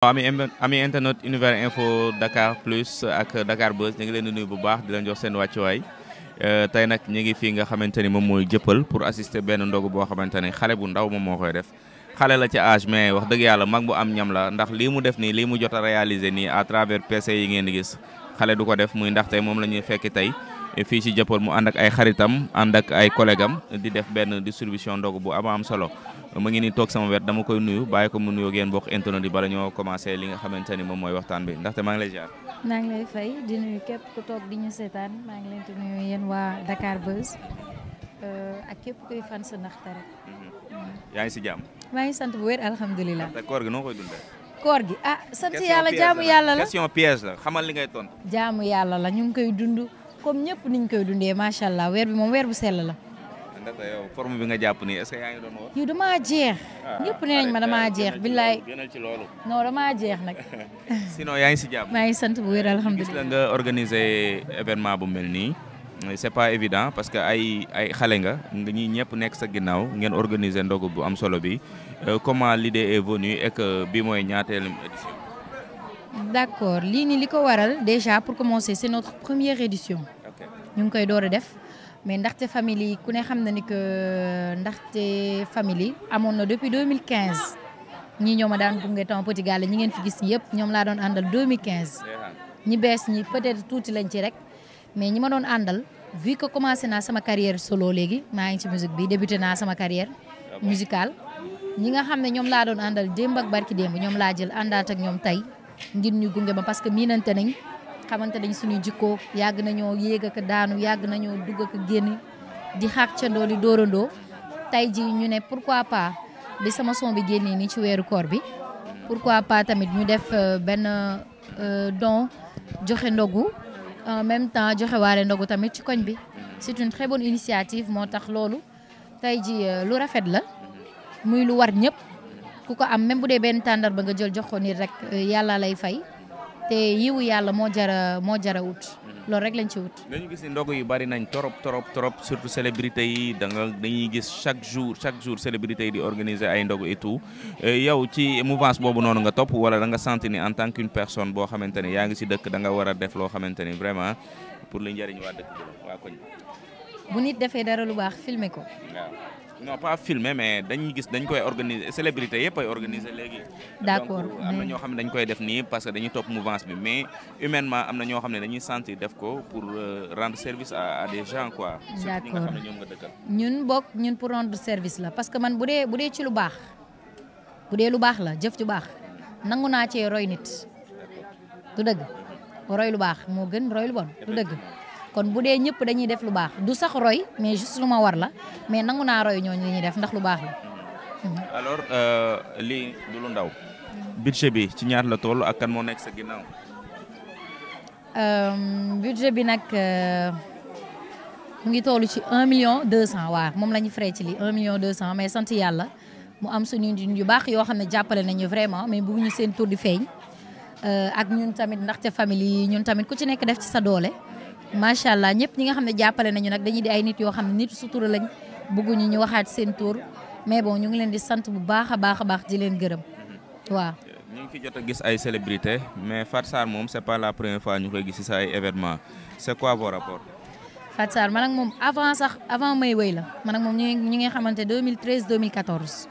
ami ami internet univers info Dakar plus ak Dakar Buzz ñu ngi leen di nuyu bu baax di leen jox seen wàccuwaay euh, tey nag ñu ngi fii nga xamante ni moom mooy jëppal pour assister benn ndogu boo xamante ni xale bu ndaw moom moo koy def xale la ci âge mais wax dëgg yàlla mag mu am ñam la ndax lii mu def nii lii mu jot a nii à travers PC yi ngeen di gis xale du ko def muy ndax moom la ñuy fekki tey fii si Japol mu ànd ak ay xaritam ànd ak ay collègue di def benn distribution ndogu bu am am solo mu ngi ni toog sama wet dama koy nuyu bàyyi ko mu nuyoo ngeen bokk internet yi bala ñoo li nga xamante ni moom mooy waxtaan bi ndaxte maa ngi lay ziar. maa ngi lay fay di nuyu képp ku toog di ñu seetaan maa ngi leen di nuyu yéen waa Dakar Buzz euh, ak képp kuy fan sa rek. Mm-hmm. yaa ngi si jàmm. maa ngi sant bu wér alhamdulilah. te koor gi noo koy dundee. koor gi ah sant yàlla jaamu yàlla la jaamu yàlla la ñu ngi koy dund. comme ñëpp niñ koy dundee macha allah weer bi moom weer bu sell la. ndaka yow bi nga jàpp nii est-ce que yaa ngi doon woo. damaa jeex. Ah, ñëpp nee nañ ma damaa jeex billaay. gënal ci loolu. non damaa jeex nag. sinon yaa ngi si jàpp. maa ngi sant bu wér alhamdulilah. gis la nga organiser événement bu mel nii. c'est pas évident parce que ay ay xale nga ñi ñëpp nekk sa ginnaaw ngeen organiser ndogu bu am solo bi euh, comment l'idée est venue et bi mooy ñaateelu édition. d'accord lii nii li ko waral déjà pour commencer c'est notre première édition. ñu ngi koy door a def mais ndaxte famille yi ku ne xam na ni que euh, ndaxte famille amoon na depuis 2015 ñii ñoo ma daan gunge temps Petit Gallé ñi ngeen fi gis yëpp ñoom laa doon àndal 2015. ñi bees ñi peut-être tuuti lañ ci rek mais ñi ma doon àndal vu que commencé naa sama carrière solo léegi maa ngi ci musique bi débuté naa sama carrière musicale ñi nga xam ne ñoom laa doon àndal démb ak barki démb ñoom laa jël àndaat ak ñoom tey ngir ñu gunge ma parce que miinante nañ xamante nañ suñu jikkoo yàgg nañoo yéeg ak daanu yàgg nañoo dugg ak génn di xàccandoo di dóorandoo tey ji ñu ne pourquoi pa di sama son génnee nii ci weeru koor bi pourquoi pas tamit ñu def euh, benn euh, don joxe ndogu en même temps joxe waale ndogu tamit ci koñ bi c'est une très bonne moo tax loolu tey ji euh, lu rafet la muy lu war ñëpp ku ko am même bu dee benn tàndar ba nga jël jox ko nit rek yàlla lay fay te yiwu yàlla moo jara moo jara wut loolu rek lañ ci wut. dañu gis ni ndogu yu bari nañ trop trop trop surtout célébrité yi da nga dañuy gis chaque jour chaque jour célébrité yi di organiser ay ndogu et tout euh, yow ci mouvance boobu noonu nga topp wala da nga senti ni en tant qu'une personne boo xamante ni yaa ngi ci dëkk danga nga a def loo xamante ni vraiment pour li njëriñ waa dëkk bi waa koñ. bu ko. non pas filmé mais dañu gis dañ koy organiser célébrité yëpp ay organiser léegi. d'accord donc ñoo xam ne dañ koy def nii parce que dañuy topp mouvance bi mais humainement am na ñoo xam ne dañuy sentir def ko pour euh, rendre service à des gens quoi. d'accord ñi xam ne ñoom nga dëkkal. ñun bokk ñun pour rendre service la parce que man bu dee ci lu baax bu dee lu baax la jëf ju baax nangu naa cee roy nit. du dëgg roy lu baax moo gën roy lu bon du dëgg. kon bu dee ñëpp dañuy def lu baax du sax roy mais juste lu ma war la mais nangu naa roy ñooñu li ñuy def ndax lu baax la. alors euh, lii ndaw. budget bi ci ñaar la toll ak kan moo nekk sa ginnaaw. Euh, budget bi nag euh, mu ngi toll ci un million deux cent waaw moom la ñu frais ci li million deux cent mais sant yàlla mu am suñu nit yu baax yoo xam ne jàppale nañu vraiment mais ñu seen tur di feeñ. ak ñun tamit ndaxte famille yi ñun tamit ku ci nekk def ci sa doole. macha allah ñëpp ñi nga xam ne jàppale nañu nag dañuy di ay nit yoo xam ne nit sutura lañ bëgguñu ñu waxaat seen tour mais bon ñu ngi leen di sant bu baax a baax a baax di leen gërëm waaw. ñu ngi fi jot a gis ay célébrité mais Fatou Sarr moom c'est pas la première fois ñu koy gis sa ay événement c'est quoi vos rapports. Fatou Sarr moom avant sax avant may wëy la man ak moom ñu ngi ñu ngi xamante 2013 2014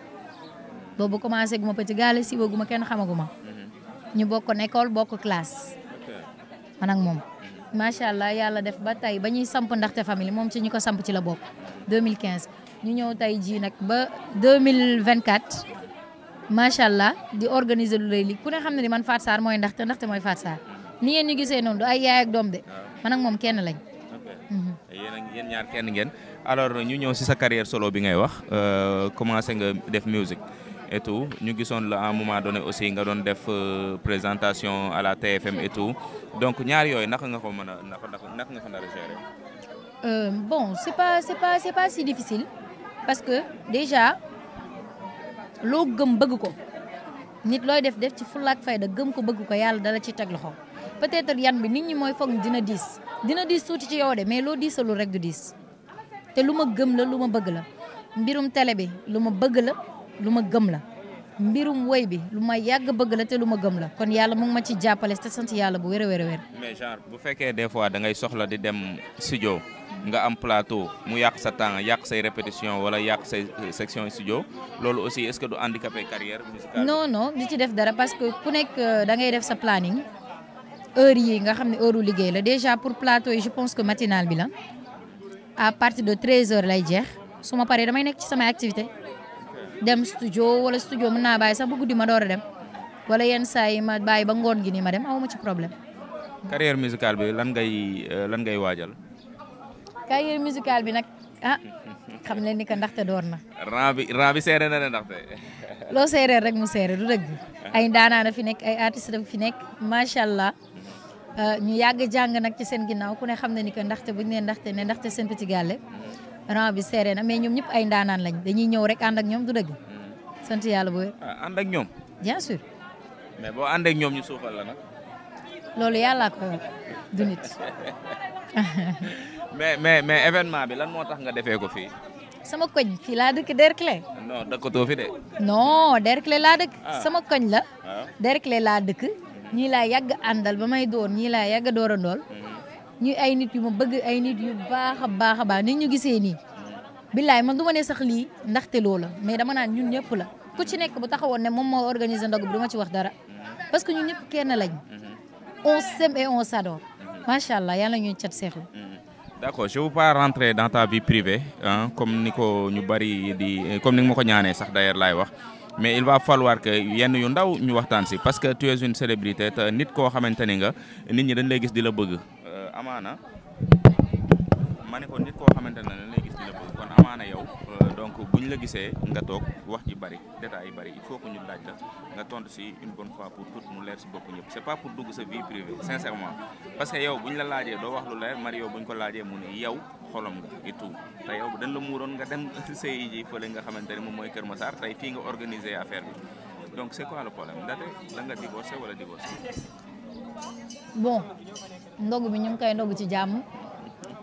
boobu commencé gu ma petit gaale siiwa gu ma kenn xamaguma mhm. ñu bokkoon école bokk classe man moom. macha allah yàlla def ba tey ba ñuy samp ndaxte famille moom ci ñu ko samp ci la bokk 2015 ñu ñëw tey jii nag ba 2024 macha allah di organiser lu lay li ku ne xam ne di man Fatou saar mooy ndaxte ndaxte mooy Fatou Sarr ni ngeen ñu gisee noonu du ay yaay ak doom de ah. man ak moom kenn lañ. Mhm. yéen ñaar kenn ngeen alors ñu ñëw si sa carrière solo bi ngay wax euh, commencé nga def musique. et ñu gisoon la à un moment donné aussi nga doon def euh, présentation à la TFM et tout donc ñaar yooyu naka nga ko mën a naka naka nga ko nar a gérer. Euh, bon c'est pas c'est pas c'est pas si difficile parce que déjà loo gëm bëgg ko nit looy def def ci fay fayda gëm ko bëgg ko yàlla dala ci teg loxo peut-être yan bi nit ñi mooy foog dina diis dina diis tuuti ci yow de mais loo diisalul rek du diis te lu ma gëm la lu ma bëgg la mbirum télé bi lu ma bëgg la. lu ma gëm la mbirum woy bi lu ma yàgg bëgg la te lu ma gëm la kon yàlla mu ma ci jàppale te sant yàlla bu wér a wér mais genre bu fekkee des fois da soxla di dem studio nga am plateau mu yàq sa temps yàq say répétition wala yàq sa euh, section studio loolu aussi est-ce que du handicapé carrière musicale non non di ci def dara parce que ku nekk euh, dangay def sa planning heure yi nga xam ne heure liggéey la déjà pour plateau yi je pense que matinal bi la à partir de 13 heures lay jeex su ma paree damay nekk ci samay activité dem studio wala studio mën naa bàyyi sax bu guddi ma door a dem wala yenn saa yi ma bàyyi ba ngoon gi nii ma dem aw ma ci problème. carrière musicale bi lan ngay lan ngay waajal. carrière musicale bi nag ah xam ne ni que ndaxte door na. raa bi raa na ne ndaxte. loo seeree rek mu seere du rek ay daanaa na fi nekk ay artiste dafa fi nekk macha allah euh, ñu yàgg jàng nag ci seen ginnaaw ku ne na ni que ndaxte bu ñu nee ndaxte ne ndaxte seen petit gàlle rang bi serré na mais ñoom ñëpp ay ndaanaan lañ dañuy ñëw rek ànd ak ñoom du dëgg. Mm. sant yàlla bu wér. Ah, ak ñoom. bien sûr. mais boo ànd ñoom ñu suufal la nag. loolu yàllaa ko du nit. mais mais mais événement bi lan moo tax nga defee ko fii. sama koñ fii laa dëkk Derklé. non dëkkatoo fi de. non Derklé laa dëkk. Ah. sama koñ la. Ah. Derklé laa dëkk. ñii laa yàgg àndal ba may doon ñii laa yàgg dool ñu ay nit yu ma bëgg ay nit yu baax baax a baax nit ñu gisee nii billaay man du ma ne sax lii ndaxte loola mais dama naan ñun ñëpp la ku ci nekk bu taxawoon ne moom moo organiser ndog bi du ma ci wax dara parce que ñun ñëpp kenn lañ on s'aime macha allah yàlla ñuy cat seexlu d'accord je veux pas rentrer dans ta vie privée hein, comme ni ko ñu bari di comme ni nga ma ko ñaanee sax d'ailleurs laay wax mais il va falloir que yenn yu ndaw ñu waxtaan si parce que tu es une célébrité te nit koo xamante ni nga nit ñi dañ lay gis di la bëgg amaana ma ne ko nit koo xamante ne dañ lay gis lépp kon amaana yow euh, donc buñ la gisee nga toog wax ji bari détails yi bari il faut ñu laaj la nga tontu si une bonne fois pour tout mu leer si bopp ñëpp c'est pas pour dugg sa vie privée sincèrement parce que yow buñ la laajee doo wax lu leer Mario buñ ko laajee mu ne yow xolom nga et tout te yow dañ la muuroon nga dem sa ji fële nga xamante ne moom mooy Kër Massar tey fii nga organiser affaire bi donc c'est quoi le problème ndaxte da nga divorcé wala divorcé. bon. ndogu bi ñu ngi koy ndog ci jàmm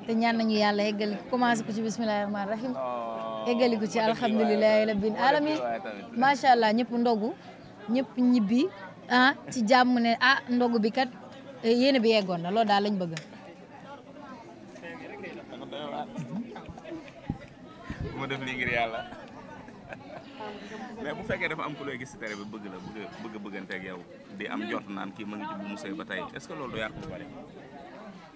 te ñaan nañu yàlla eggali commencé ko ci bismillahi rahmaani rahim oh, eggali ko ci alhamdulilahi rabbil alamin macha allah ñëpp ndogu ñëpp ñibbi ah ci jàmm ne ah ndog bi kat eh, yéene bi yeggoon na loolu daal lañ bëgg mais bu fekkee dafa am ku lay gis si tere bi bëgg la bëgg bëgg bëgganteeg yow am jot naan kii ma ngi ci bu mu sëy ba tey est-ce que loolu du yàq bu bari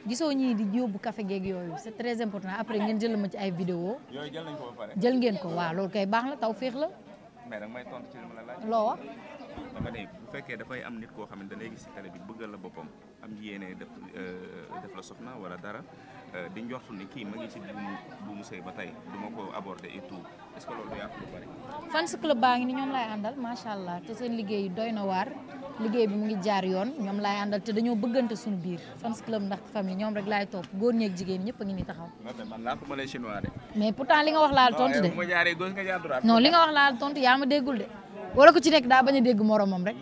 gisoo ñii di yóbbu café geeg yooyu c'est très important après ngeen jël ma ci ay vidéo yooyu jël nañ ko ba pare jël ngeen ko waaw loolu kay baax la taw féex la mais danga may tontu ci li ma la loo wax dama ne bu fekkee dafay am nit koo xam ne da gis si tere bi bëggal la boppam am yéene def euh, def la na wala dara Euh, di njortu ni kii ma ngi ci buumu ba tay du ma ko aborder et tout est que loolu du yàq club baa ngi ni ñoom laay àndal macha allah te seen liggéey doy na waar liggéey bi mu ngi jaar yoon ñoom laay àndal te dañoo bëggante suñu biir fans club ndax famille ñoom rek laay topp góor ñeeg jigéen ñëpp a ngi ni taxaw. man laa ko mënee mais pourtant li nga wax laal tontu de non eh, ma jaaree gauche nga jaar droite. non li nga wax laal tontu yaa ma déggul de wala ku ci nekk daa bañ a dégg moromam rek.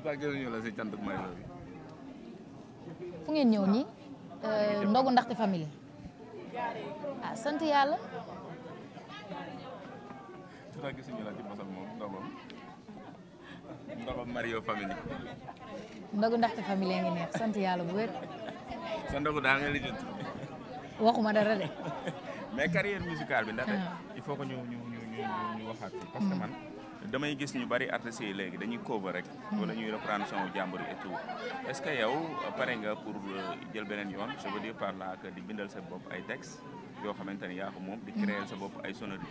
fu ngeen ñëw nii euh, ndogu ndaxte famille ah sant yàlla. dinaa gis ñu la ci mosam moom ndogam Mario famille. ndogu ndaxte famille ngi neex sant bu wér. sa ndogu daa nga lijjanti. waxuma dara de. mais carrière musicale bi ndax ah. il faut que ñu waxaat parce damay gis ñu bari artistes yi léegi dañuy cover rek. wala ñuy reprendre son jàmbur et tout est-ce que yow pare nga pour euh, jël beneen yoon je veux dire par là di bindal sa bopp ay textes yoo xamante ni yaa ko moom. di créer sa bopp ay sonorités.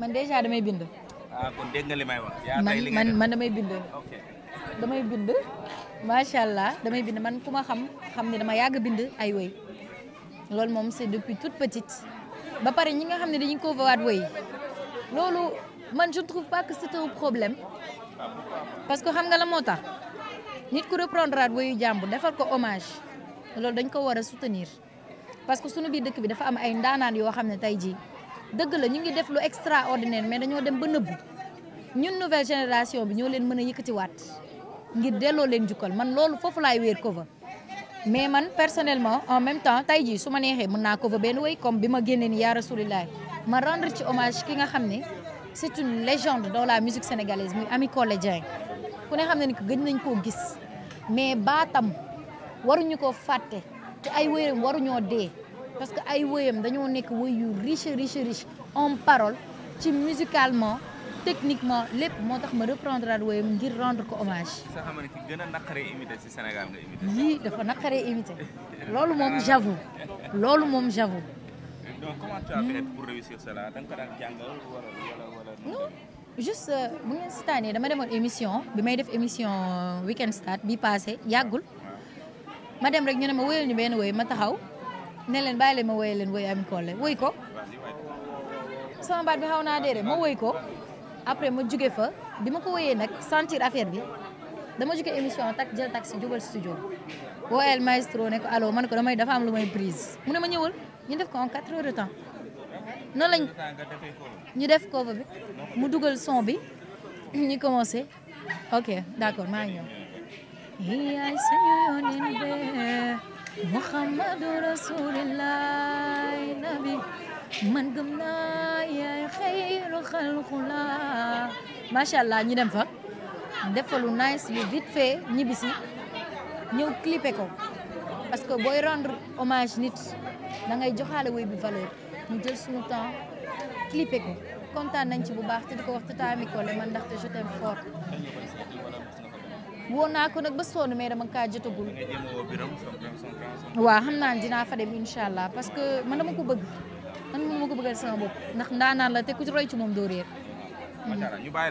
man déjà damay bind. ah dégg nga li may wax. yaa man man man damay bind. ok damay bind macha allah damay bind man ku ma xam xam ne dama yàgg bind ay woy moom c'est depuis toute petite ba pare ñi nga xam ne dañuy cover waat woy loolu. man je ne trouve pas que c'est un problème parce que xam nga la moo tax nit ku reprendre aat wayu jàmbur defar ko hommage loolu dañ ko war a soutenir parce que sunu biir dëkk bi dafa am ay ndaanaan yoo xam ne tey jii dëgg la ñu ngi def lu extraordinaire mais dañoo dem ba nëbbu ñun nouvelle génération bi ñoo leen mën a waat ngir delloo leen jukkal man loolu foofu laay wéer ko fa mais man personnellement en même temps tey jii su ma neexee mun naa ko fa benn way comme bi ma génnee ni yaa rasulilah ma rendre ci hommage ki nga xam ne c'est une légende dans la musique sénégalaise muy Ami Collé Dieng ku ne xam ne ni ko gëj nañ koo gis mais baatam waruñu koo fàtte te ay wéyam waruñoo dee parce que ay wéyam dañoo nekk wéy yu riche riche riche en parole ci musicalement techniquement lépp moo tax ma reprendre at wéyam ngir rendre ko hommage. sax xam ne ki gën a naqaree ci Sénégal nga imité. yii dafa naqaree imité loolu moom j'avoue loolu moom j'avoue donc comment tu as euh, ngeen si tànnee dama demoon émission bi may def émission euh, weekend start bi paase yàggul. ma dem rek ñu ne ma woyal ñu benn woy ma taxaw ne leen bàyyi leen ma woyal leen woy Ami Collé woy ko. sama baat bi xaw naa dee ma woy ko après ma juge fa bi ma ko woyee nag sentir affaire bi dama jóge émission tak jël si jubal studio woyal maestro ne ko allo man ko damay dafa am lu may prise mu ne ma ñëwal. ñu def ko quatre heures de temps noonu lañ ñu def cover bi mu dugal son bi ñu commencé ok d'accord maa ngi ñëw yaay suñu yónneen be muhammadu rasulillah nabi man gëm naa yaay xayru xalqula macha allah ñu dem fa def lu nice lu vite fait ñibbisi ñëw clipé ko parce que booy rendre hommage nit da ngay joxaale woy bi valeur mu jël suñu temps clipé kontaan nañ ci bu baax te di ko man ndaxte je t'aime fort. woo naa ko nag ba sonn mais dama kaa jotagul. waaw xam naa ne dinaa fa dem incha allah parce que man dama ko bëgg man ma ko bëggal sama bopp ndax ndaanaan la te ku ci roy ci moom doo réer.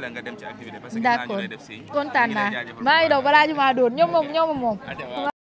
la nga dem ci activité. parce que def si. kontaan naa maa ngi daw balaa ñu maa dóor ñoom moom ñoom moom.